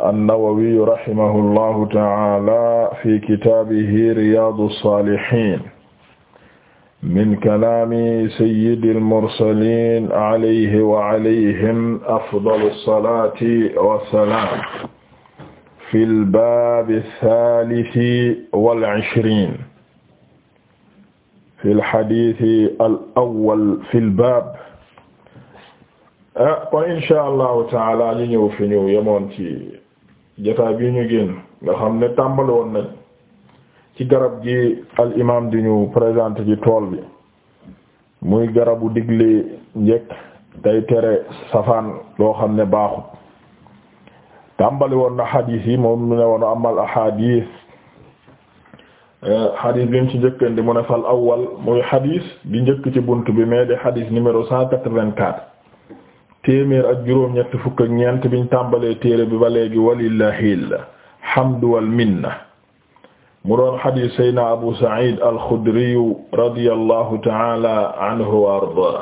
an-Nawawi rahimahullahu ta'ala fi kitaabihi Riyaadu s-Saalihiin min kalaami sayyidil mursaliin alayhi wa alayhim afdalu s-salaati wa s-salaam fil baabi s-saalisi wal 'ishriin fil hadiisi al-awwal fil baab ah, kon inshaa Allahu ta'ala ñu ñëw fi ñu yemoon ci jotaay bii ñu génn nga xam ne tàmbali woon nañ ci garab gi al imam di ñu présenté ci tool bi muy garabu digle njekk tey tere safaan loo xam ne baaxut tàmbali woon na xadiis yi moom mu ne woon amal ahadis eh, xadiis bi mu ci njëkkandi mu ne fal awwal muy xadiis bi njëkk ci bunt bi mais di xadiis numéro cent quatre-vingt-quatre téeméer ak juróom ñett fukk ñeent biñ tàmbalee téere bi ba léegi walillahil hamdu wal minna mu doon xadiis sayna abu sa'id al-xudri radiyallahu ta'ala anhu wa ardaa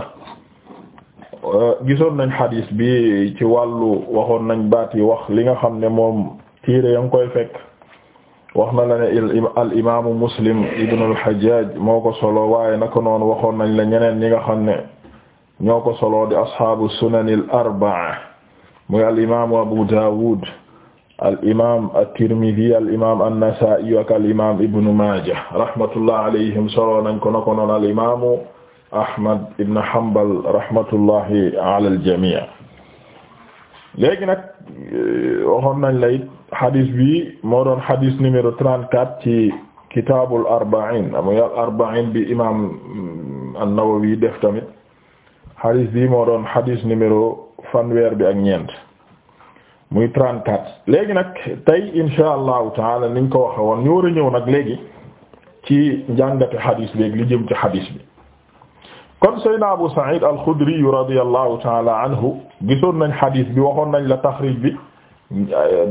gisoon nañ xadiis bi ci wàllu waxoon nañ baat yi wax li nga xam ne moom téere ya ngi koy fekk wax na la ne al imaamu muslim ibnu al moo ko solo waaye naka noonu waxoon nañ la ñeneen ñi nga xam ne ñoo ko solo di asxaabu sunani al arba'a muy al imaam Abu Dawud al imaam at-Tirmidhi al imaam an-Nasa'i ak al imaam Ibn Majah rahmatullah alayhim solo nañ ko nako noon al imaamu Ahmad ibn Hanbal rahmatullahi ala al jami' léegi nag eh, waxoon nañ lay xadis bi moo doon xadis numéro 34 ci kitaabul arba'in muy al arba'in bi imaam an-Nawawi def tamit. xadis bi moo doon xadis numéro fanweer bi ak ñeent muy 34 léegi nag tey insha allahu taala niñ ko waxe woon ñu war a ñëw nag léegi ci njàngate xadis bi li jëm ci xadis bi kon saydna Abu Sa'id al-Khudri radiyallahu taala anhu gisoon nañ xadis bi waxoon nañ la tax taxrij bi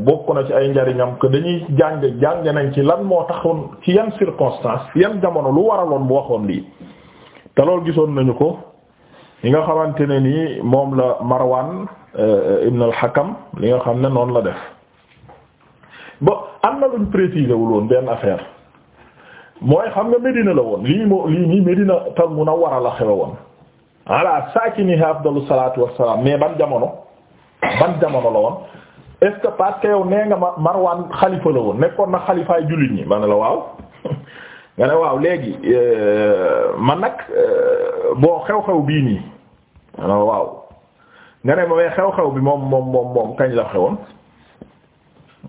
bokk na ci ay njariñam que dañuy jàng jàng nañ ci lan moo taxoon ci yan circonstance yan jamono lu waraloon bu waxoon lii te loolu gisoon nañu ko li nga xamante ne nii moom la Marwan eh, ibn al-Hakam li nga xam ne noonu la def bon am na luñ préciser woon benn affaire mooy xam nga Medina la woon lii moo lii nii Medina tam mun a waral a xewe woon voilà saakini afdalu salaatu wassalaam mais ban jamono ban jamono la woon est-ce que parce que yow nee nga ma Marwan xalifa la woon nekkoon na xalifaay jullit ñi ma ne la waaw nga ne waaw léegi euh, man nag euh, boo xew-xew bii nii waaw nga ne ma xew-xew bi moom moom moom moom kañ la xewoon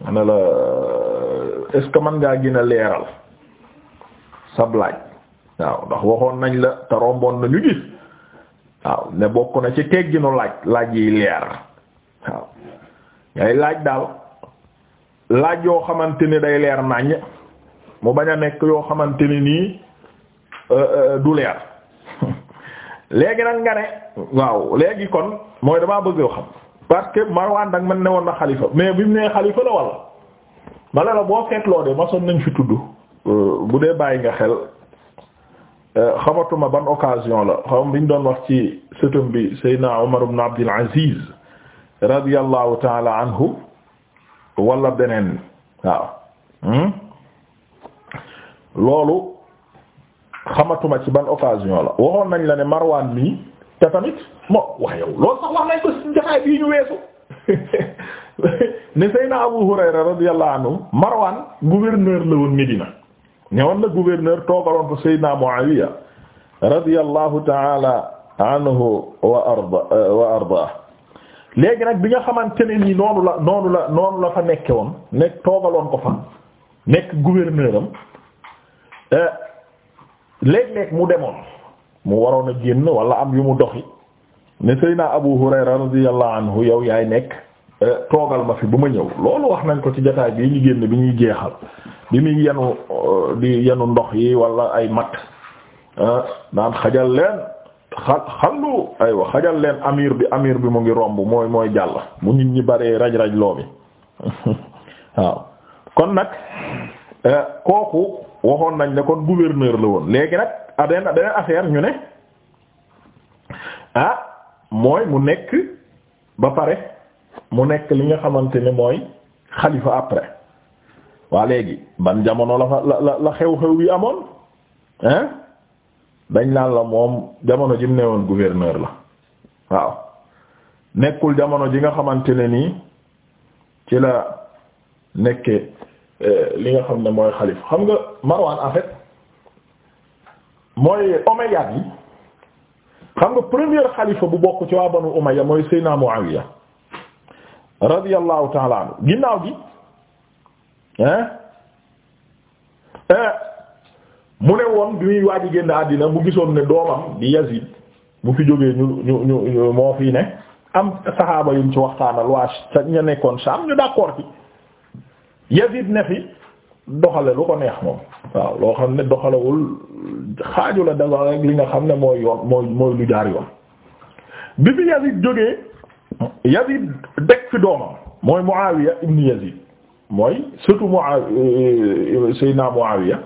ma ne la euh, est ce mën ngaa gën a leeral sab laaj waaw ndax waxoon nañ la te romboon nañu gis waaw ne bokk na ci tegginu laaj laaj yi leer waaw ngay laaj daal laaj yoo xamante ni day leer naññ. mu bañ a nekk yoo xamante ni nii euh, euh, du leer léegi nag nga ne waaw léegi kon mooy damaa bëggee yoo xam parce que Marwan danga man ne woon na xalifa mais bi mu nee xalifa la walla ma ne la boo seetloo de masoon nañu fi tudd euh, bu dee bàyyi nga xel xamatuma ban occasion la xam biñ doon wax ci sëtëm bi Seydina Umar ibn Abdul Aziz radiyallahu taala anhu wala beneen waaw hmm? loolu xamatuma ci ban occasion la waxoon nañ la ne marwaan mii te tamit moo wax yow loolu sax wax nañ ko ci jaxaay bii ñu weesu ne Seyna Abu Hurayra radiyallahu anhu Marwan gouverneur la woon Médina ñëwoon na gouverneur toogaloon ko Seyna Muawiya radiyallahu ta'ala anhu wa arda wa arda léegi nag bi nga xamante ne nii noonu la noonu la noonu la fa nekke woon nekk toogaloon ko fa nekk gouverneur Euh, léeg-léeg mu demoon mu waroon a génn wala am yu mu doxi ne Seydina Abu Hurayra radiyallahu anhu yow yaay nekk euh, toogal ma fi bu ma ñëw loolu wax nañ ko ci jotaay bi ñu génn bi ñuy jeexal bi muy yenu euh, di ndox yi walla ay mat naan xajal leen xa xallu aywa xajal leen amir bi amir bi mu ngi romb mooy mooy jàll mu nit ñi baree raj-raj loo bi waaw kon nag kooku waxoon nañ ne kon gouverneur la woon léegi nag aden deneen affaire ñu ne ah mooy mu nekk ba pare mu nekk li nga xamante ne mooy xalifa après waa léegi ban jamono la fa la la xew-xew yi amoon hein dañ laan la moom jamono ji mu ne woon gouverneur la waaw nekkul jamono ji nga xamante ne nii ci la nekke Euh, li nga xam ne mooy xalif xam nga Marwan en mooy Omeyyades yi xam nga première xalifa bu bokk ci waa Banu Umayya mooy Seydina Muawiya radiyallahu ta'ala anhu ginnaaw gi hein mu ne woon bi muy waaji génn àddina mu gisoon ne doomam di Yazid bu fi jógee ñu ñu ñu moo fii ne am saxaaba yuñ ci waxtaanal waa sa ña nekkoon Sham ñu d'accord ci Yazid ne fi doxale lu ko neex moom waaw loo xam ne doxalewul xaaju la dafa li nga xam ne mooy yoon mooy mooy lu jaar yoon bi fi Yazid jógee Yazid deg fi doomam mooy Muawiya ibn Yazid mooy surtout Muawiya euh, Seydina Muawiya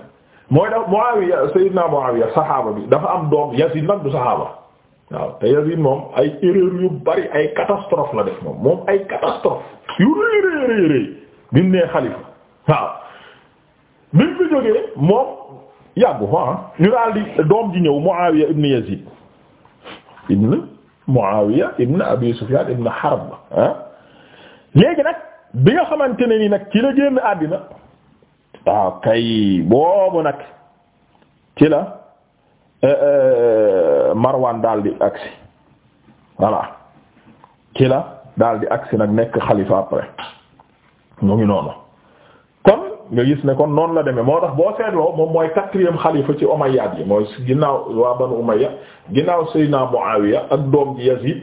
mooy daf Muawiya Seydina Muawiya saxaaba bi dafa am doom Yazid nag du saxaaba waaw te Yazid moom ay erreur yu bari ay catastrophe la def moom moom ay catastrophe yu rëy rëy rëy bi mu nee xalifa waaw bi mu fi jógee moom yàggu ah. ñu daal di doom ji ñëw Muawiya ibn Yazid ibn Muawiya ibn Abi Sufyan ibn Harb ah. léegi nag bi nga xamante ne ni nag ci la génn àddina waaw kay boobu nag ci la euh, euh, Marwan daal di agsi voilà ci la daal di agsi nag nekk xalifa après mu ngi noonu kon nga gis ne kon noonu la demee moo tax boo seetloo moom mooy quatrième xalifa ci Umayyad yi mooy ginnaaw waa Banu Umayya ginnaaw Seydina Muawiya ak doom ji Yazid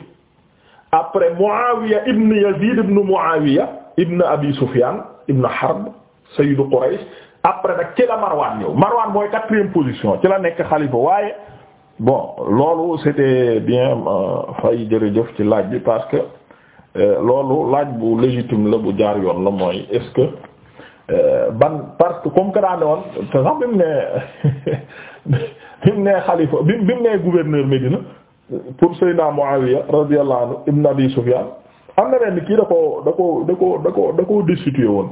après Muawiya ibn Yazid ibn Muawiya ibn Abi Sufyan ibn Harb sayyidu Quraysh après na ci la Marwan ñëw Marwan mooy quatrième position ci la nekk xalifa waaye bon loolu c'était bien euh, fay jërëjëf ci laaj bi parce que Euh, loolu laaj bu légitime la bu jaar yoon la mooy est-ce que euh, ban parce que comme que daane woon te sax bi mu ne bi mu ne xalifa bi bi mu ne gouverneur Médina pour Seydina Muawiya radiyallahu anhu ibn Abi Sufyan am na benn kii da ko da ko da ko da woon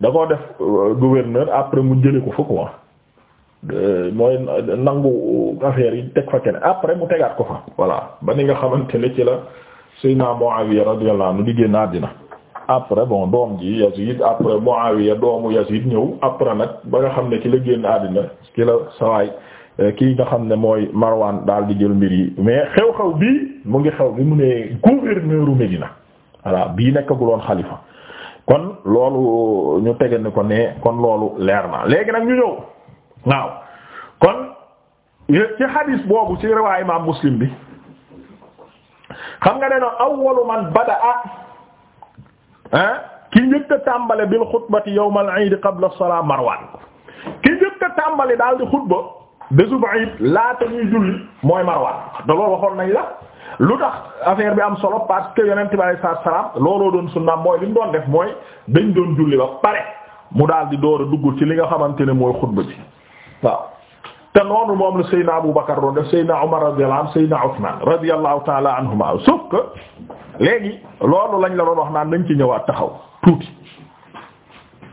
da def euh, gouverneur après mu jële ko fukk wax mooy nangu affaire yi teg fa keneen après mu tegaat ko fa voilà ba ni nga xamante ne la Seydina Muawiya radiyallahu anhu di génn àddina après bon doom ji Yazid après Muawiya doomu Yazid ñëw après nag ba nga xam ne ki la génn àddina ki la sawaay eh, kii nga xam ne mooy Marwan daal di jël mbir yi mais xew-xew bii mu ngi xew bi mu ne gouverneur u Médina voilà bii nekkaguloon xalifa kon loolu ñu tege ni ko ne kon loolu leer na léegi nag ñu ñëw waaw kon ci hadis boobu ci riwaay Imam Muslim bi xam nga ne na awwalu man bada ah ki njëkk a tàmbale bil xutbati yawmal iid qabla salaa Marwan ki njëkk a tàmbale daal di xutba bésub laata ñuy julli mooy Marwan da loolu waxoon nañ la lu tax affaire bi am solo parce que yonent bi alayhi salaatu salaam looloo doon sunna mooy li mu doon def mooy dañ doon julli ba pare mu daal di door a dugg ci li nga xamante ne mooy xutba bi waaw. te noonu moom la Seydina Abu Bakar doon def Seydina Umar radiyallahu anhu Seydina Usman radiyallahu ta'ala anhuma sauf léegi loolu lañ la doon wax naan nañ ci ñëwaat taxaw tuuti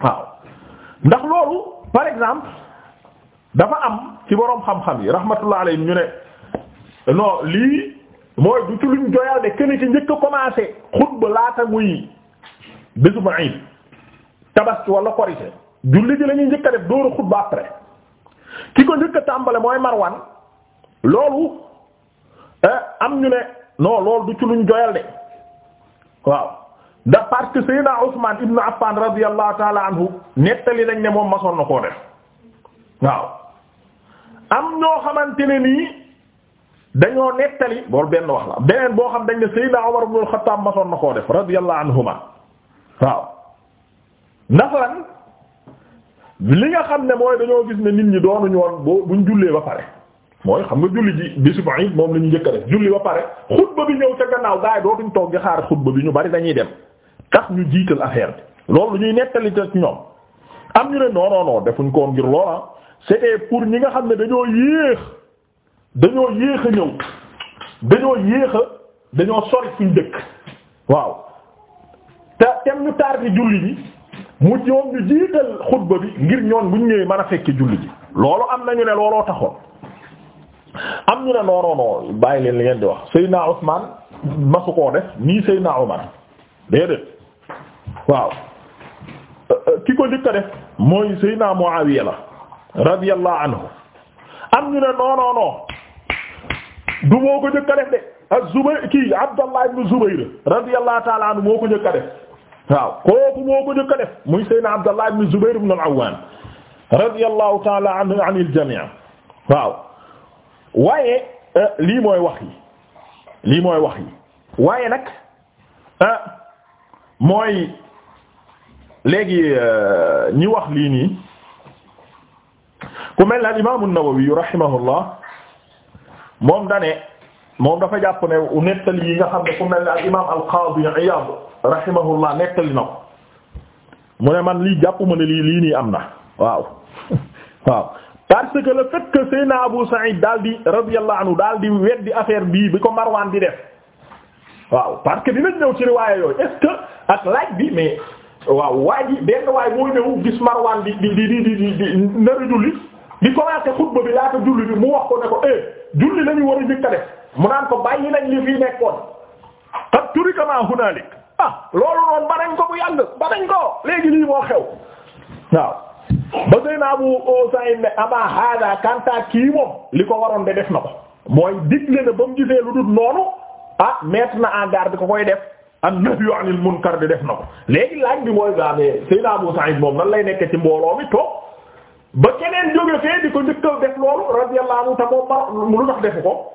waaw loolu par exemple dafa am ci boroom xam-xam yi rahmatullah alayhi ñu ne non lii mooy du ci luñ joyal de kenn ci njëkk a commencé xutba laata muy bésu Iid tabaski wala korite julli ji la ñuy njëkk a def dóoru xutba après ki ko njëkk tàmbale mooy Marwan loolu eh, am ñu ne non loolu du ci luñ joyal de waaw da parce que Seydina Ousmane ibnu Affan radiyallahu taala anhu nettali nañ ne moom masoon na koo def waaw am ñoo xamante ne nii dañoo nettali loolu benn wax la beneen boo xam dañ ne Seydina Umar ibnu Xattaab masoon na koo def radiyallahu anhuma waaw ndax li nga xam ne mooy dañoo gis ne nit ñi doonuñu woon boo buñ jullee ba pare mooy xam nga julli ji bisu Iid moom la ñu njëkk a def julli ba pare xutba bi ñëw ca gannaaw gaa yi dootuñ toog bi ñu bari dañuy dem tax ñu jiital affaire bi loolu ñuy nettali ca ñoom am ñu ne non non defuñ ko woon ngir loola ah. c'était pour ñi nga xam ne dañoo yéex dañoo yéex a ñëw dañoo yéex dañoo sori fuñ dëkk waaw te tem ñu tardé julli bi. mu ñoom ñu jiital bi ngir ñoon buñ ñëwee mën a fekke julli ji loolu am nañu ne looloo taxoon am ñu ne noonoonoo bàyyi leen li ngeen di wax Seydina Usmaan masu koo def nii Seydina Umar déedéet waaw ki ko njëkk a def mooy Seydina Muawiya la radiyallahu anhu am ñu ne noonoonoo du moo ko njëkk a def de ak Zubayr kii Abdallah ibn Zubayr radiyallahu ta'ala anhu moo ko njëkk def waaw kooku moo ko njëkk a def muy Seydina Abdallah ibn Zubayr ibn al-Awwam radiyallahu ta'ala anhu anil jami' waaw waaye euh, lii mooy wax yi lii mooy wax yi waaye nag euh, mooy léegi euh, ñi wax lii nii ku mel ne al-Imam an-Nawawi rahimahullah moom dane moom dafa jàpp ne nettali yi nga xam ne ku mel ne al imaam al qaadi Iyaad rahimahullah nettali na ko mu ne man lii jàpp ma ne lii lii nii am na waaw waaw parce que le fait Abu Saïd daal di radiyallahu anhu daal di weddi affaire bii bi ko Marwan di def waaw parce que dinañ ñëw ci riwaaya yooyu est-ce ak laaj bi mais waaw waa ji benn waay moo ñëw gis Marwan di di di di di di nar a julli di xutba bi laata julli bi mu wax ko ne ko eh julli lañu war a mu naan ko bàyyi nañ li fii nekkoon qad turika naa hunalik ah loolu noonu ba nañ ko bu yàgg ba ko léegi lii moo xew waaw ba sëy na Abu Sa'id ne ama hada kanta kii moom li ko waroon de def na ko mooy digle na ba mu gisee lu dul noonu ah mettre na en garde ko koy def an nahyu anil munkar de def na ko léegi laaj bi mooy gaamee ah, sëy na Abu Sa'id moom nan lay nekk ci mbooloo mi toog ba keneen jóge fee di ko njëkkal def loolu radiyallahu anhu ta moom ko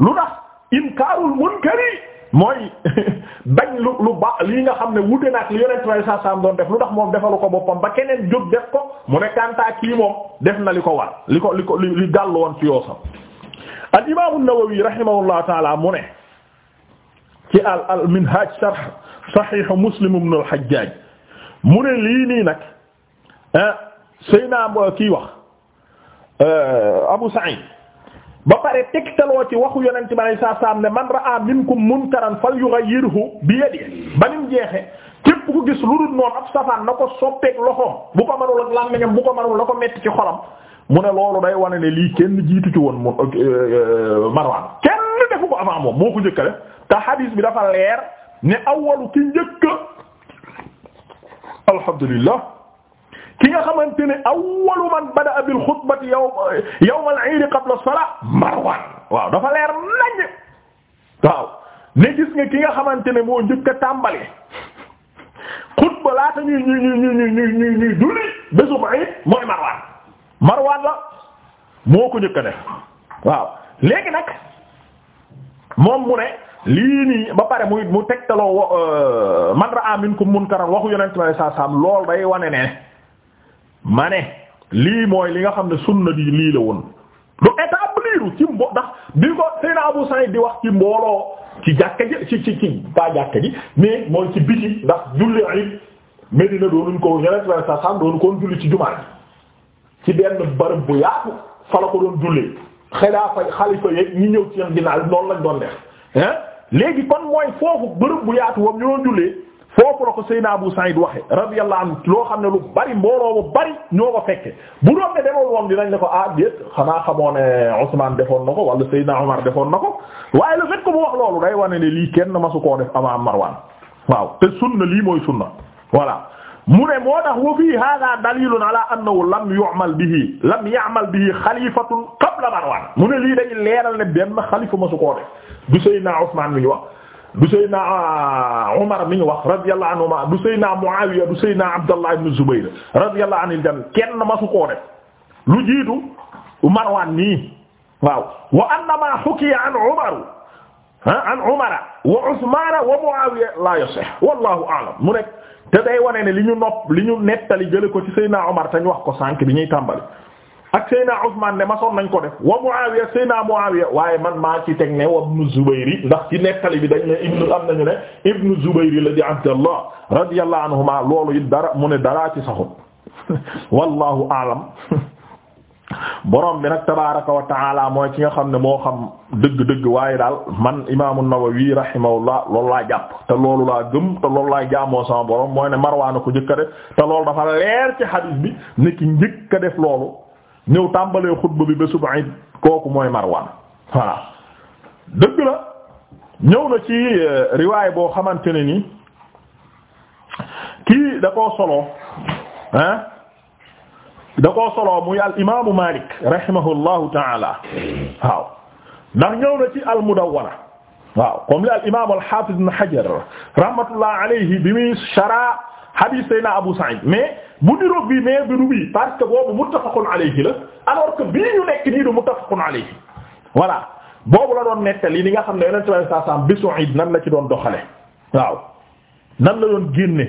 lu tax inkaarul munkari mooy bañ lu lu ba lii nga xam ne wute nag li yonent way sa sam doon def lu tax moom defalu ko boppam ba keneen jóg def ko mu ne kantaa kii moom def na li ko war li ko li ko li gàll woon ci yoosam al imam an-Nawawi rahimahullah taala mu ne ci al al minhaj sharh sahih Muslim ibn al-Hajjaj mu ne lii nii nag ah, sëy naa kii wax ah, Abu Sa'id ba pare tegtaloo ci waxu yonent bi saa salaam ne man ra'a minkum munkaran falyughayyirhu bi yadihi ba nim jeexe képp ku gis lu dul noonu ab safaan na ko soppeek loxoom bu ko manul ak làmmiñam bu ko manul na ko metti ci xolam mu ne loolu day wane ne lii kenn jiitu ci woon mu euh, euh, Marwaan kenn defu ko avant moom moo ko njëkk def te hadis bi dafa leer ne awwalu ki njëkk alhamdulillah ki nga xamante ne awwalu man bada'a bil xutbati yow yawm al-'iid qabla as-salaa Marwan waaw dafa leer nañ waaw ne gis nga ki nga xamante ne moo njëkk a tàmbali xutba laata ñuy ñuy ñuy ñuy ñuy ñuy ñuy julli bésu mooy Marwan Marwan la moo ko njëkk a def waaw léegi nag moom mu ne lii nii ba pare muy mu tegtaloo euh, man ra'a minkum munkaran waxu yonent bi sallallahu alayhi lool day wane ne. ma ne lii mooy li nga xam ne sunna di lii la woon lu établir ci mbo ndax bi ko Seydina Abu di wax ci mbooloo ci jàkka ji ci ci ci ba jàkka ji mais mooy ci biti ndax julli it Medina doonuñ ko yeneen la sa sam doonu koon julli ci jumaa ji ci benn barab bu yaatu fa la ko doon jullee xilaafa xalifa yeeg ñi ñëw ci seen ginnaaw noonu lañ doon def hein léegi kon mooy foofu bërëb bu yaatu wam ñu doon jullee foofu la ko Seydina Abu Saïd waxe radiyallahu anhu loo xam ne lu bari mbooloo bu bari ñoo ko fekke bu doon ne demoon woon dinañ ne ko ah déet xanaa xamoo ne Ousmane defoon na ko wala Seydina Omar defoon na ko waaye le fait que mu wax loolu day wane ne lii kenn masu koo def avant Marwan waaw te sunna lii mooy sunna voilà mu ne moo tax wa fii hada dalilun ala annahu lam yu'mal bihi lam ya'mal bihi xalifatun qabla Marwan mu ne lii day leeral ne benn xalifa masu koo def du Seydina Ousmane mi ñu wax du Seydina a ah, mi ñu wax radiyallahu anhuma du Seydina Muawiya du Seydina Abdallah ibn Zubayr radiyallahu anil jami kenn masu koo def lu jiitu Marwan nii waaw wa annama hukiya an Umar ah, an Umar wa Usman wa Muawiya la yasih wallahu a'lam mu nekk te day wane ne li ñu nopp li ñu nettali jële ko ci Seydina Umar te ñu wax ko sànk bi ñuy tàmbali ak Seyna Ousmane ne masoon nañ ko def wa Muawiya Seyna Muawiya waaye man maa ci teg ne wa Ibnu Zubayri ndax ci nettali bi dañ ne ibnu am nañu ne Ibnu Zubayri la di Abdallah radiyallahu anhuma loolu it dara mu ne daraa ci saxut wallahu aalam borom bi nag tabaaraka wa taala mooy ki nga xam ne moo xam dëgg-dëgg waaye daal man imaamu Nawawi rahimahullah loolu laa jàpp te loolu laa gëm te loolu laa jaamoo sama borom mooy ne Marwaan ko njëkk a def te loolu dafa leer ci ñëw tàmbalee xutba bi bésub Iid kooku mooy Marwan voilà dëgg la ñëw na ci euh, riwaay boo xamante ne ni kii da koo solo da koo solo muy al imaamu Maalik rahimahullahu taala waaw ndax ñëw na ci al Mudawwana waaw comme li al imaam al Haafiz Ibn Hajar rahmatullah alayhi bi muy shara hadiis Seydina Abu Saïd bu niroog bii mais biru bii parce que boobu muttafaqun alayhi la alors que bii ñu nekk nii du muttafaqun alayhi voilà boobu la doon nettali li nga xam ne yonent bi sa alayhi wasallam bésu iid nan la ci doon doxale waaw nan la doon génne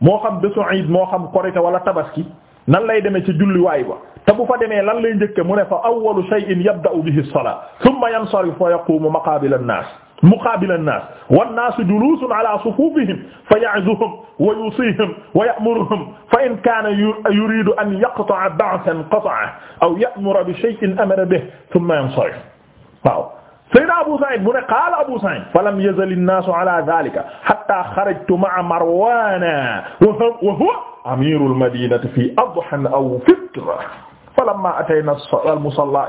moo xam bésu iid moo xam korite wala tabaski nan lay demee ci julliwaay ba te bu fa demee lan lay njëkke mu ne fa awwalu shay'in yabda'u bihi as-salat thumma yansarifu fa yaqumu maqabila an-nas muqaabilan naas wannaasu juluusun alaa sufuufihim fa ya'zuhum wa yuusihim wa ya'muruhum fa in kaana yuriidu an yaqta'a ba'san qata'ahu aw ya'mura bi shay'in amara bihi thumma yansarif waaw Seydina Abu Saïd mu ne qaala Abu Saïd falam yazal an-naasu alaa dhaalika hattaa kharajtu ma'a Marwaan wa huwa amiirul madiinati fii adhan aw fitr falammaa ataynaa al-musallaa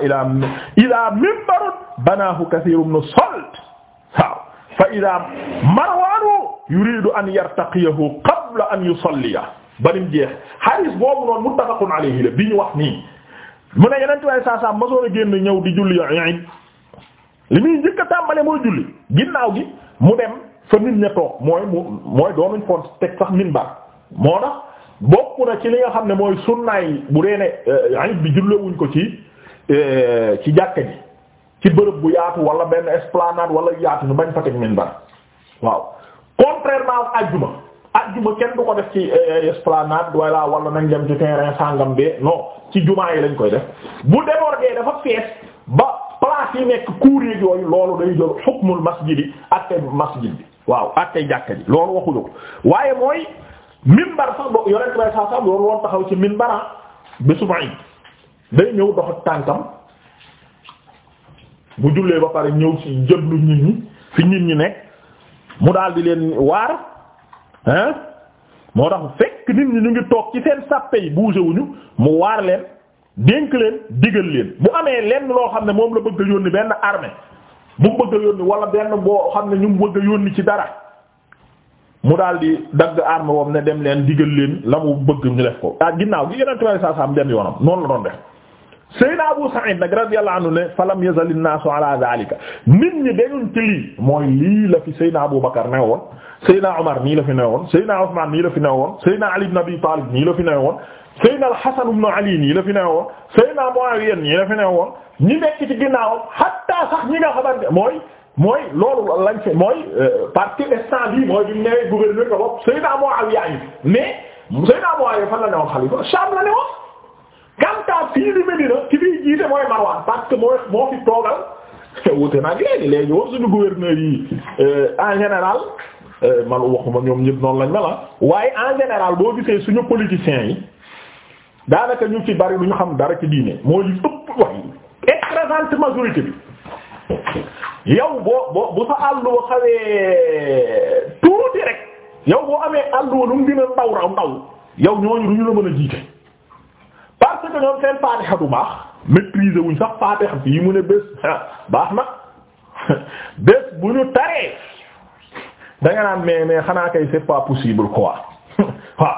ilaa minbarin banaahu kathiirun min as-salaf fa ida marwaanu yuridu an yartaqiyahu qabla an yusalliya banim jeex hadis boobu noonu muttafaqun alayhi la bi ñu wax nii mu ne yeneen tubaab saa saa masoon a génn ñëw di julli Iid li muy njëkk gi mu dem fa nit ña toog mooy mu mooy doonuñ foon teg sax minbar moo tax bokk na ci li nga xam ne mooy sunnaay bu dee ne eh, Iid bi jullewuñ ko ci eh, ci jàkka bi ci bërëb bu yaatu wala benn esplanade wala yaatu ñu bañ fa teg minbar waaw contrairement ajjuma ajjuma kenn du ko def ci eh, esplanade wala wala nañ dem ci terrain sangam bee non ci jumaa yi lañ koy def bu débordé dafa fees ba place yi nekk cour yi yooyu loolu day jël xukmul masjid yi ak tey masjid bi waaw ak jàkka ji loolu waxuñu ko waaye mooy minbar sax do yore saa sax loolu woon taxaw ci minbar ah, bés bu day ñëw dox ak tànkam. bu jullee ba pare ñëw ci jëblu nit ñi fi nit ñi nekk mu daal di leen waar hein moo tax fekk nit ñi ñu ngi toog ci seen sàppe yi bougé wuñu mu waar leen dénk leen digal leen bu amee lenn loo xam ne moom la bëgg a yónni benn armée mu bëgg a yónni wala benn boo xam ne ñu mu bëgg a yónni ci dara mu daal di dagg armée woom ne dem leen digal leen la mu bëgg ñu def ko. ah ginnaaw gi yeneen tubaab yi saa saa dem yoonam noonu la doon def. Seydina Abu Sa'id nag radiyallahu anhu ne falam yazal an-naasu ala zaalika nit ñi dañu ci lii mooy lii la fi Seydina Abu Bakar ne woon Seydina Omar nii la fi ne woon Seydina Ousmane nii la fi ne woon Seydina Ali ibn Abi Talib nii la fi ne woon Seydina al-Hasan ibn Ali nii la fi ne woon Seydina Muawiya nii la fi ne woon ñi nekk ci ginnaawam hatta sax ñi nga xamante mooy mooy loolu lañ fi mooy euh, parti instant bii mooy bi ñëwee gouverneur ko bopp Seydina Muawiya mais Seydina Muawiya fan la ne woon xalifa Sham la ne woon kanta fii di Medina ci fii jiite mooy Marwan parce que mooy moo fi toogal wute nag léegi léegi woon suñu gouverneur yi euh, en général euh, man waxuma ñoom ñëpp noonu lañ mela ah. waaye en général boo gisee suñu politiciens yi daanaka ñu ci bari lu ñu xam dara ci diine moo li ëpp wax écrasante majorité bi yow boo boo bu sa àll wa xawee tuuti rek boo amee àll wa lu mu gën ndaw raw ndaw yow ñooñu du ñu la mën a jiite parce que ñoom seen faatiha du baax maîtriser wuñ sax faatiha yi mu ne bés baax na bés bu ñu taree da nga naan mais mais xanaa kay c'est pas possible quoi waaw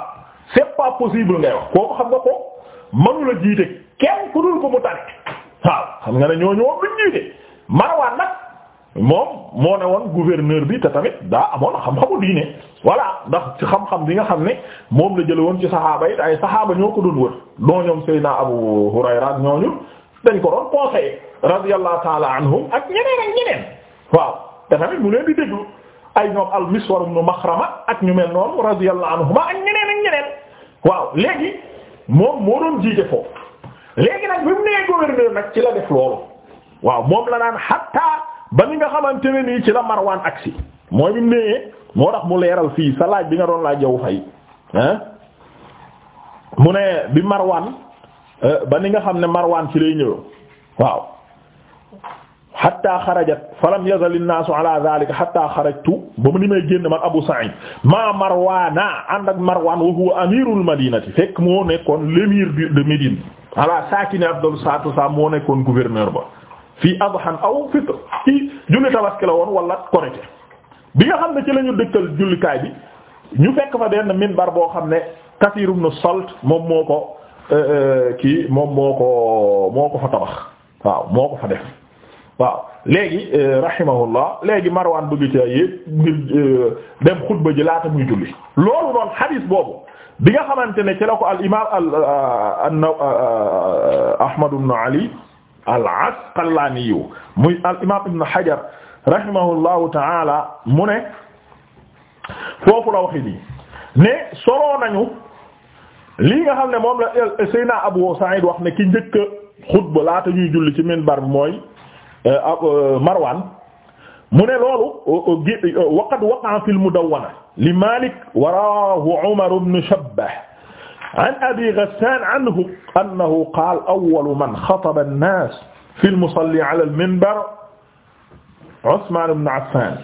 c'est pas possible ngay wax kooku xam nga ko mënu la jiite kenn ku dul ko mu tare waaw xam nga ne ñooñu woon duñ jiite Marwaan nag. moom moo ne woon gouverneur bi te tamit daa amoon xam-xamu diine voilà ci xam-xam bi nga xam ne moom la jële woon ci saxaaba yi ay saxaaba ñoo ko doon wër doo ñoom Seydina Abu Hurayra ñooñu dañ ko doon conseillé radiyallahu ta'ala anhum ak ñeneen ak ñeneen waaw te tamit mu leen di déglu ay ñoom al-Miswar ibn Maxrama ak ñu mel noonu radiyallahu anhuma ak ñeneen ak ñeneen waaw léegi moom moo doon jiite foofu léegi nag bi mu nee gouverneur ci la def loolu waaw moom la naan hatta ba ni nga xamante ni ci la Marwaan agsi mooy bi mu moo tax mu leeral fii sa laaj bi nga doon laaj yow fay ah mu ne bi Marwaan euh, ba ni nga xam ne Marwaan ci lay ñëw waaw hatta xarajat falam yazal an-naasu ala zaalika hatta xarajtu ba mu ni may génn man Abu ànd ak Marwaan wa huwa amirul madinati fekk moo nekkoon l'émir de Médine ala saakini afdalu salaatu nekkoon gouverneur ba fii adhan aw fitr ci julli tabaski la woon wala korite bi nga xam ne ci la ñu dëkkal jullikaay bi ñu fekk fa benn minbar boo xam ne Kasiir ibn Salt moom moo ko euh, euh, kii moom moo ko moo ko fa tabax waaw moo ko fa def waaw léegi euh, rahimahullah léegi Marwan bëgg ci ay ngir dem xutba ji laata muy julli loolu noonu xadiis boobu bi nga xamante ne ci la ko al imaam al Ahmad ibn Ali al-Asqalaani yu muy al imaam Ibn Hajar rahimahullahu taala mu ne foofu la waxi nii ne soroo nañu lii nga xam ne moom la Seydina Abu Sa'id wax ne ki njëkk xutba laata ñuy julli ci minbar mooy euh, euh, Marwan mu ne loolu euh, waqad waqa'a fil Mudawwana li Maalik waraahu Umar ibn Shabbah an abi ghassan anhu annahu qaala awwalu man xataba an-naas fi al-musalli ala al-minbar Usmaan ibn Affaan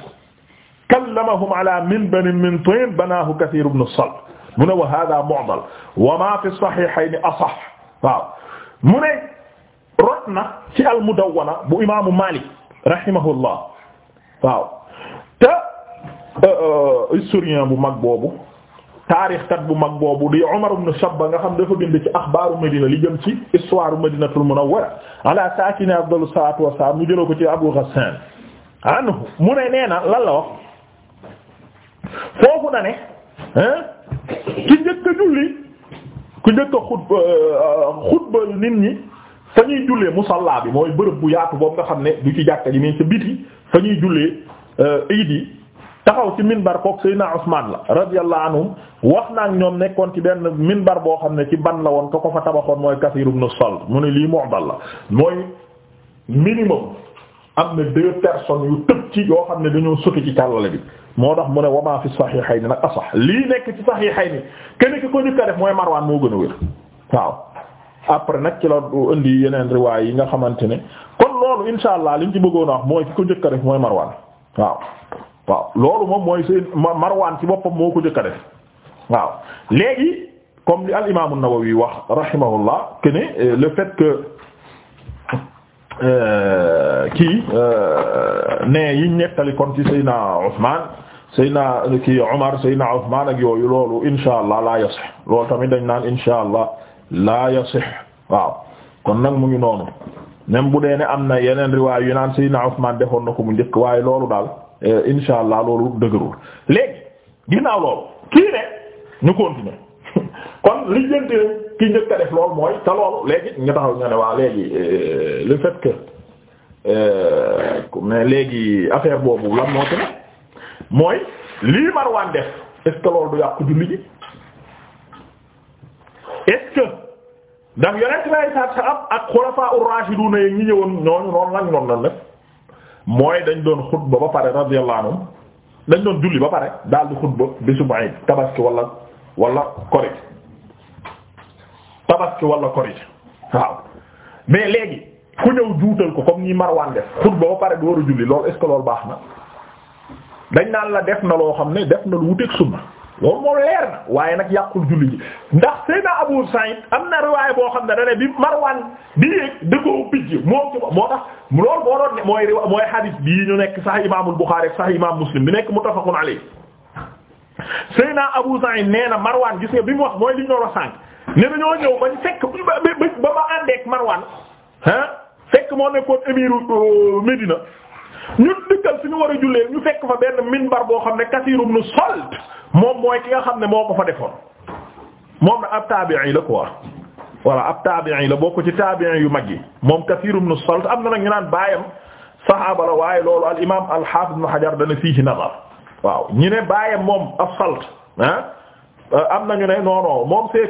kallamahum ala minbarin min tiin banaahu Kasiir ibn as-Salt mu ne wa haaza mu'dal wa maa fi as-sahiihayni asah waaw mu ne rot na ci al-Mudawwana bu imaamu Maalik rahimahullah waaw te euh, euh, historien bu mag boobu taarixkat bu mag boobu di Umar ibn Shabba nga xam dafa bind ci axbaaru Medina li jëm ci histoire Madinatul Munawwara ala saakini afdalu salaatu wa salaam mu jëloo ko ci Abu Ghassan anhu mu ne nee na lan la wax foofu na ne hein ki njëkk julli ku njëkk a euh, euh, nit ñi fa ñuy jullee musalla bi mooy bërëb bu yaatu boobu nga xam ne du ci jàkka ji mais ci biti fa ñuy jullee euh, iid yi taxaw ci minbar kook Seydina Usmaan la radiyallahu anhum wax naa ak ñoom nekkoon ci benn minbar boo xam ne ci ban la woon ka ko fa tabaxoon mooy Kasiir ibn Salt mu ne lii mu'dal la mooy minimum am na deux personnes yu tëb ci yoo xam ne dañoo sotti ci càllale bi moo tax mu ne wama fi Sahihayni nag asax lii nekk ci Sahihayni kenn ki ko njëkk def mooy Marwaan moo gën a wér waaw après nag ci la indi yeneen riwaay yi nga xamante ne kon loolu insha allah ci bëggoon mooy ki ko mooy Marwaan waaw waaw loolu moom mooy seen Marwaan ci boppam moo ko jëkk a def waaw léegi comme li al imaam an-Nawawi wax rahimahullah que ne euh, le fait que euh, kii euh, ne yi nettali kon ci Seyna Ousmane Seyna kii Omar Seyna Ousmane ak yooyu loolu insha allah laa yasih loolu tamit dañ naan insha allah laa yasih waaw kon nag mu ngi noonu même bu dee ne am na yeneen riwaay yu naan Seyna Ousmane defoon na ko mu njëkk waaye loolu daal. Euh, insha allah loolu dëgërul léegi ginnaaw loolu kii ne ñu continuer kon li jënte ki njëkk def loolu mooy te loolu léegi nga taxaw ñu ne waa léegi euh, le fait que euh, léegi affaire boobu lan moo ci ne mooy lii Marwan def est loolu du yàqu julli ji est-ce que ndax yonent lay sa ab ak xulafaa ur-rashidun ñi ñëwoon ñooñu noonu lañ noonu la nag mooy dañ doon xutba ba pare radiyallahu anhum dañ doon julli ba pare daal di xutba bésu Eid tabaski wala wala korite tabaski wala korite waaw mais léegi ku ñëw juutal ko comme ñi Marwan def xutba ba pare du war a julli loolu est ce que baax na dañ daan la def na loo xam ne def na lu wuteeg sunna loolu moo leer waaye nag yàqul julli ji ndax Seydina Abu Saïd am na riwaay boo xam ne dane bi Marwan bi yéeg da koo bijj moom ci moo tax loolu moo doon ne mooy mooy hadith bii ñu nekk sax imaamul Bukhari sax imaam Muslim bi nekk muttafaqun alayhi Seydina Abu Saïd nee na Marwan gis nga bi mu wax mooy li ñu war a sànq ne dañoo ñëw bañ fekk ba ba ma àndeek Marwan ah fekk moo nekkoon émiru euh, Médina ñu dëkkal suñu war a jullee ñu fekk fa benn minbar boo xam ne Kasiir ibn Salt moom mooy ki nga xam ne moo ko fa defoon moom na ab taabi'i la quoi voilà ab taabi'i la ko ci taabi'i yu mag yi moom Kasiir ibn Salt am na nag ñu naan baayam saxaaba la waaye loolu al imaam al haafiz ibn Hajar dana fii ci nazar waaw ñu ne baayam moom as-Salt am na ñu ne non non moom c'est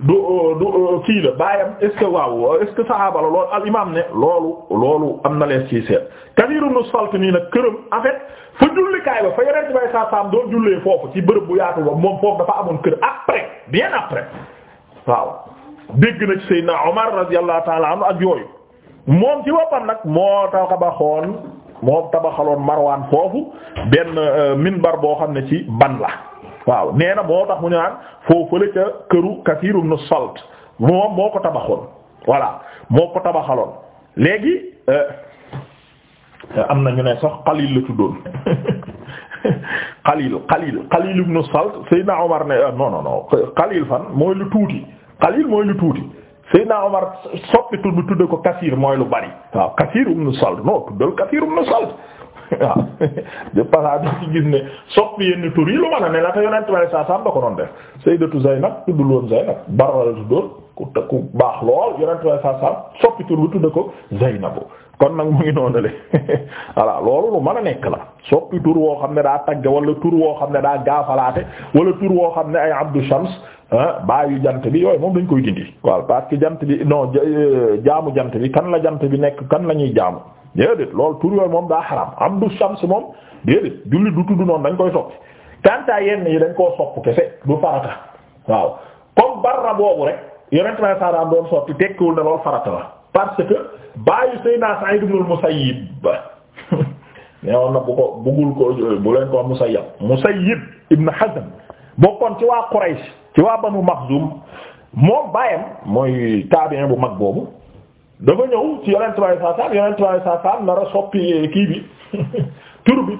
du euh, du euh, kii la baayam est ce que waaw est ce la loolu al imaam ne loolu loolu am na lees ci seet Kasiiru nu salt nii nag këram en fait fa jullikaay ba fa Yonent bi saa saam doon jullee foofu ci bërëb bu yaatu ba moom foofu dafa amoon kër après bien après waaw dégg na ci Seydina Omar radiyallahu ta'ala ak yooyu moom ci boppam nag moo tabaxoon moo tabaxaloon Marwaan foofu benn euh, minbar boo xam ne ci ban la. waaw nee na moo tax mu ñaan foofale ca këru Kasiir ibn Salt moom moo ko tabaxoon voilà moo ko tabaxaloon léegi euh, am na ñu ne sax Qalil la tuddoon Qalil Qalil Qalil ibn Salt Seydina Omar ne euh, non non non Qalil fan mooy lu tuuti Qalil mooy lu tuuti Seydina Omar soppi tudd tudde ko Kasiir mooy lu bari waaw Kasiir ibn Salt non tuddal Kasiir ibn Salt waaw de passage bi ci gis ne soppi yenn tur yi lu mën a ne la te yonent bale saa da ko doon def Sayyidatu Zaynab tuddul woon Zaynab Barra la tuddoon ku te ku baax lool yonent bale saa saam soppi tur bi tudde ko Zaynabu kon nag mu ngi noonale voilà loolu lu mën a nekk la soppi tur woo xam ne daa tagge wala tur woo xam ne daa gaafalaate wala tur woo xam ne ay Abdu Shams ah, baayu jant bi yooyu moom dañ koy dindi waaw parce jant bi non euh, jaamu jant bi kan la jant bi nekk kan la ñuy jaamu déedéet loolu tur yooyu moom daa xaram abdu shams moom déedéet julli du tudd noonu dañ koy soppi kantaa yenn yi dañ koo sopp kese du farata waaw comme barra boobu rek yonent may saaraam doon soppi tekkiwul ne loolu farata la parce que bàyyi sayna naa ibn al-Musayyib nee woon na bu ko buggul ko bu leen ko Musayyib Musayyib ibn Hazm bokkoon ci waa Quraysh ci waa Banu Makhzum moom baayam mooy taabi'in bu mag boobu dafa ñëw ci yonent bi saa saam yonent bi saa saam nar a soppi eh, kii bi tur bi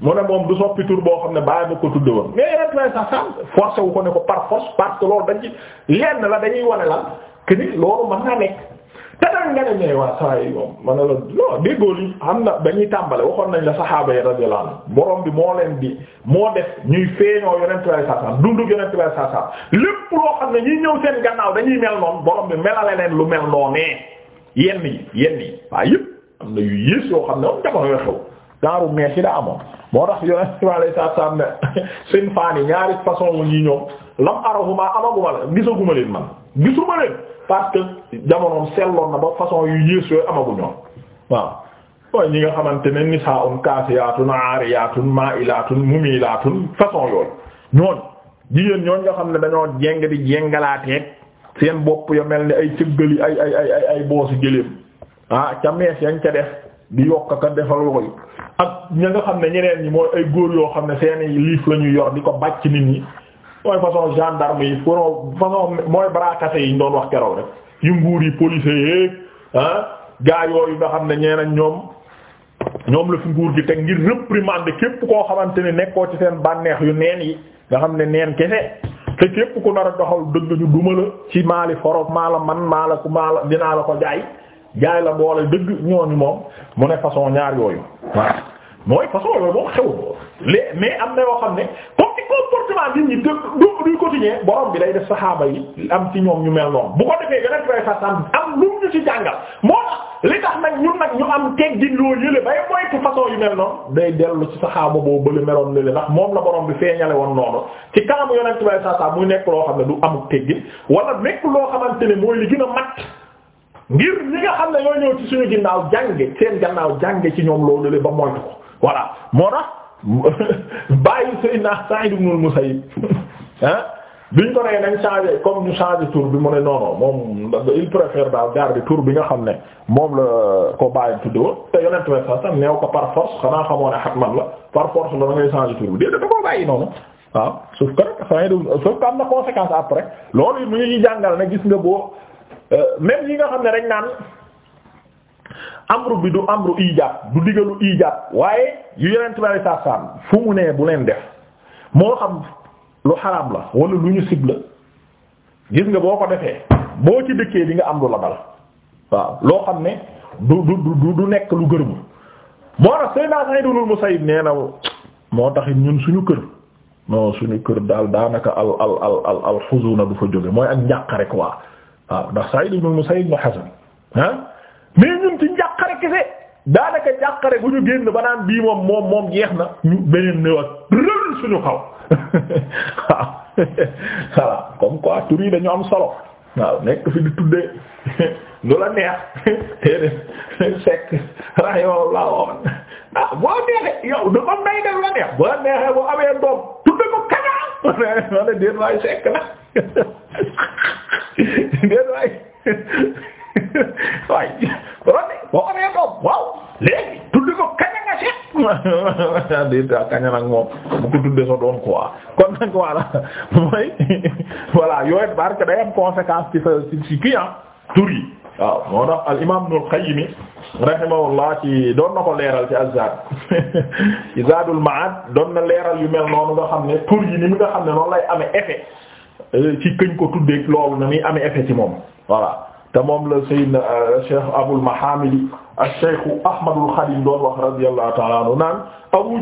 mu ne moom du soppi tur boo xam ne bàyyi ma ko tudde woon mais yonent bi saa saam forcé wu ko ne ko par force parce que loolu dañ ci lenn la dañuy wane la que loolu mën naa nekk. te nag nga ne nee waa saa yi moom ma ne la non li am na dañuy tàmbale waxoon nañ la saxaaba yi radiyallahu anhu borom bi moo leen di moo def ñuy feeñoo yonent lay saasaam dundu yonent lay saasaam lépp loo xam ne ñi ñëw seen gannaaw dañuy mel noonu borom bi melale leen lu mel noonee yenn yi yenn yi waaye yëpp am na yu yées yoo xam ne moom jamono yoo xew daaru mees yi daa amoon moo tax yonent lay saasaam ne seen yi ñaari façon wu ñoom lam arahuma amaguma la gisaguma leen man gisuma leen parce que jamonoom selloon na ba façon yu yées yooyu amaguñoon waaw mooy ñi nga xamante ne nisaa'un kaasiyaatun aariyaatun maa'ilaatun mumiilaatun façon yooyu ñooñ jigéen ñooñ nga xam ne dañoo jeng di jengalaateeg seen bopp ya mel ni ay cëggali ay ay ay ay jëleem ah ca mees yañ ca def di yokk ka defal yooyu ak ña nga xam ne ñeneen ñi mooy ay góor yoo xam ne seeni liif la ñuy yor di ko bàcc nit ñi mooy façon gendarme yi façon mooy bras yi ñu doon wax keroog rek yu nguur yi policiers yeeg ah gaa yooyu nga xam ne ñeenañ ñoom ñoom la fi nguur gi teg ngir réprimander képp koo xamante ne nekkoo ci seen bànneex yu neen nga xam ne neen kese te képp ku nar a doxal dëgg ñu duma la ci maali forog maala man maala ku maala dinaa la ko jaay gaay la boole dëgg ñooñu moom mu ne façon ñaar yooyu waaw mooy façon yooyu moom xewul mais am na yoo xam ne comportement nit ñi du du continuer borom bi day def saxaaba yi am ci ñoom ñu mel noonu bu ko defee gën a fay sax am lu ñu ci jàngal moo tax li tax nag ñun nag ñu am teggin loo yële bay moytu façon yu mel noonu day dellu ci saxaaba boobu bële meloon lële ndax moom la borom bi feeñale woon noonu ci kanamu yonent bay sax sax muy nekk loo xam ne du amul teggin wala nekk loo xamante ne mooy li gën a mat ngir ñi nga xam ne ñoo ñëw ci suñu gannaaw jànge ci ñoom loolu le moo bàyyi Seydina Sa'id ibn al-Musayyib ah biñ ko nee nañ changé comme ñu changé tour bi mu ne non non moom il préfère daal garder tour bi nga xam ne moom la ko bàyyi tudde te yonent way sa sax neew ko par force xanaa xamoo ne xatman la par force la da ngay changé tour bi déedéet da koo bàyyi noonu waaw sauf que rek Sa'id sauf que am na conséquence après loolu it mu ngi jàngal ne gis nga boo euh, même yi nga xam ne rek naan amru bi du amru ijaab du digalu ijaab waaye yu yonent bi saa fu mu nee bu leen def moo xam lu xaraam la wala lu ñu sib la gis nga boo ko defee boo ci dëkkee di nga am lu la waaw loo xam ne du du du du nekk lu gërëm moo tax Seydina Saïd ibn Musayyib nee na moo tax ñun suñu kër non suñu kër daal daanaka al al al al al du fa jóge mooy ak njàqare quoi waaw ndax Saïd ibn Musayyib ibn Hazn ah. njàqare kese daanaka njàqare bu ñu génn ba naan bii moom moom moom jeex na ñu beneen ne wax rël suñu xaw waaw voilà comme quoi tur yi dañu am solo waaw nekk fi di tuddee lu la neex téedé sekk rayo la woon ah boo neexee yow du am day def la neex boo neexee boo tudde ko kañaa ma ne déet waay sekk la déet waay waaye loolu boo amee doom waaw léegi tudde ko kaña nga seet di daa kaña nag moom bu ko tudde sa doom quoi kon nag voilà mooy voilà yooyu parce que day am conséquence ci sa ci client ah, tur yi waaw moo tax al imaam Ibnul Qayyim rahimahullah ci doon na ko leeral ci azad ci doon na leeral yu mel noonu nga ne tur ni mu nga ne noonu lay amee effet eh, ci këñ ko tuddeeg loolu na muy amee effet ci moom voilà te moom la Seydina euh, Cheikh Abul Mahamid Cheikh Ahmadul Khadim doon wax radiyallahu ta'ala anhu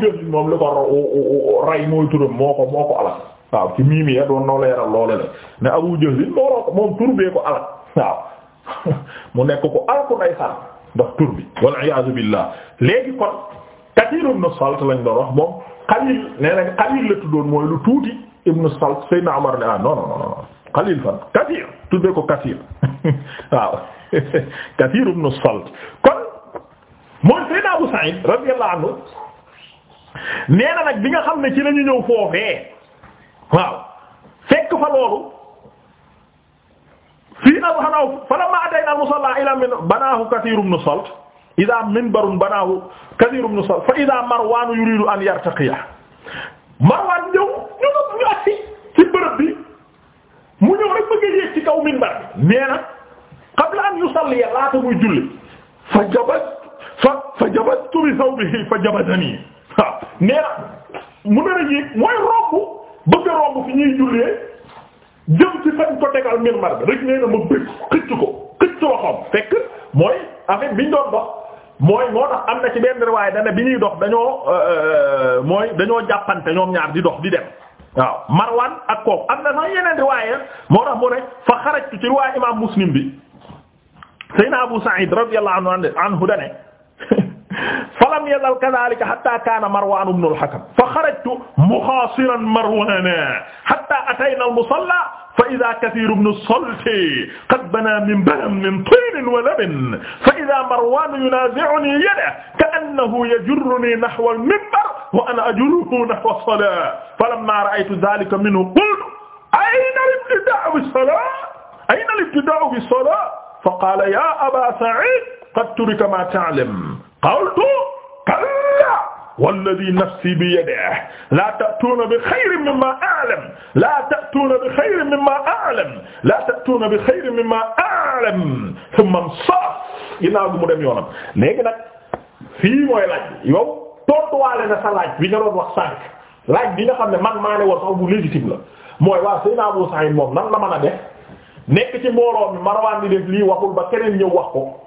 mooy turam moo ko moo ko alal waaw doon noo leeral loole la ne Abu Jahl moo roo ko moom tur ko alal waaw mu nekk ko alal ko day ndax tur bi wal iyaazu billah léegi kon katiirun nu salt lañ doon wax moom Xalil nee nañ Xalil la tuddoon mooy lu tuuti ibnu Salt Seydina Umar ne ah non non non xalil fan kathir tuddee ko kathir waaw kathir ibn salt kon mooy Seydina Abu Sa'id radiyallahu anhu nee na nag bi nga xam ne ci lañu ñëw foofee waaw fekk fa loolu fii na xanaw falamma atayna al-musalla ila min banaahu kathir ibn salt ida minbarun banaahu kathir ibn salt fa ida marwaan yuridu an yartaqiya marwaan ñëw kaw minbar bi nee na qabla an yusalli laata muy julli fa jabat fa fa jabattu bi thawbihi fa jabatani waaw nee na mu nar a yéeg mooy romb bëgg a romb fi ñuy jullee jëm ci fañ ko tegal minbar bi rek nee ma bëgg xëcc ko xëcc waxam fekk mooy affaire biñ doon dox mooy moo tax am na ci benn riwaay dana bi ñuy dox dañoo euh, euh, mooy dañoo jàppante ñoom ñaar di dox di dem. waaw Marwan ak kooku am na sax yeneen riwaaya moo tax mu ne fa xarajtu ci riwaaya imaam Muslim bi Seydina Abu Sa'id radiyallahu anhu anhu dane falam yazal kadhalika hatta kana marwan ibn al-hakam fa kharajtu mukhasiran marwana hatta atayna al-musalla fa idha kathir ibn as-salt qad bana minbaran min tin wa laban fa idha marwan yunazi'uni yadahu ka'annahu yajurruni nahwa al-minbar wa ana ajurruhu nahwa as-salah falamma ra'aytu dhalika minhu qultu ayna al-ibtida'u bis-salah ayna al-ibtida'u bis-salah fa qala ya aba sa'id qad turika ma ta'lam qawltu kalla walladhi nafsi bi yadihi la ta'tuna bi khayrin mimma a'lam la ta'tuna bi khayrin mimma a'lam la ta'tuna bi khayrin mimma a'lam thumma insaf ginnaaw gi mu dem yoonam léegi nag fii mooy laaj yow tontuwaale na sa laaj bi nga doon wax sànq laaj bi nga xam ne man maa ne war sax bu légitime la mooy waa nan la mën a def nekk ci mbooloo mi Marwaan di def lii waxul ba keneen ñëw wax ko.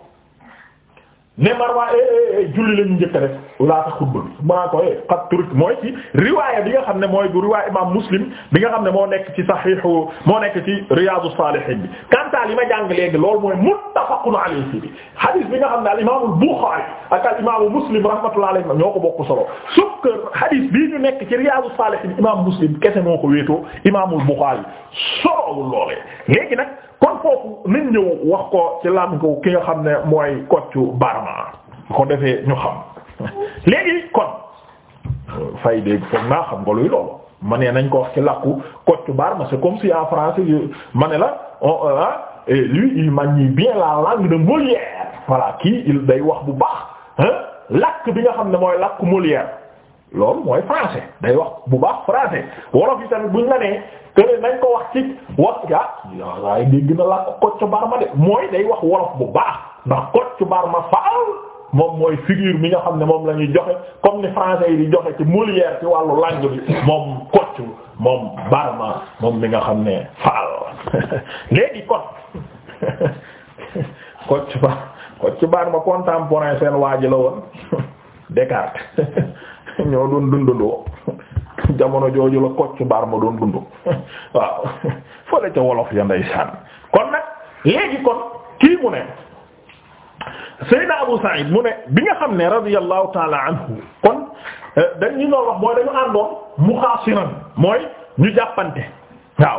ne Marwa eh, eh, eh, julli la ñu njëkk a def laata xutba bi maa koy xat turk bi nga xam ne mooy bu riwaaya imam Muslim bi nga xam ne moo nekk ci saxiixu moo nekk ci Riyaadu Saalihiin bi kanta li ma jàng léegi loolu mooy muttafaqun alayhi bi hadis nga xam ne al imaamu Buxaari ak al imaamu Muslim rahmatullahi alayhi ñoo ko bokk solo sauf que hadis bii ñu nekk ci Riyaadu Saalihiin imam Muslim kese moo ko wéetoo imaamul Buxaari solowul loolee léegi nag kon foofu nañ ñëw wax ko ci lan ko ki nga xam ne mooy koccu barma ko defee ñu xam léegi kon fay dégg foog naa xam nga luy loolu ma ne nañ ko wax ci làkku koccu barma c'est comme si en français ma ne la euh, ah, lui il ñi bien la langue de Molière voilà kii il day wax bu baax làkk bi nga xam ne mooy làkku Molière loolu mooy français day wax bu baax français wolof yi tamit buñ la nee kër nañ ko wax ci wax ah waaye dégg na a ko Kocc Barma de mooy day wax wolof bu baax ndax Kocc Barma faal moom mooy figure mi nga xam ne moom la ñuy joxe comme ni français yi di joxe ci Molière ci wàllu langue bi moom Kocc moom Barma moom mi nga xam ne faal léegi kon Kocc Barma Kocc Barma waa ji la woon Descartes ñoo doon dundandoo jamono jooju la Kocc Barma doon dund waaw fële ca wolof ya ndeysaan kon nag léegi kon kii mu ne Seydina Abu Sa'id mu ne bi nga xam ne radiyallahu ta'ala anhu kon eh, dañ ñu doon mooy dañu àndoon muxaasiran mooy ñu jàppante waaw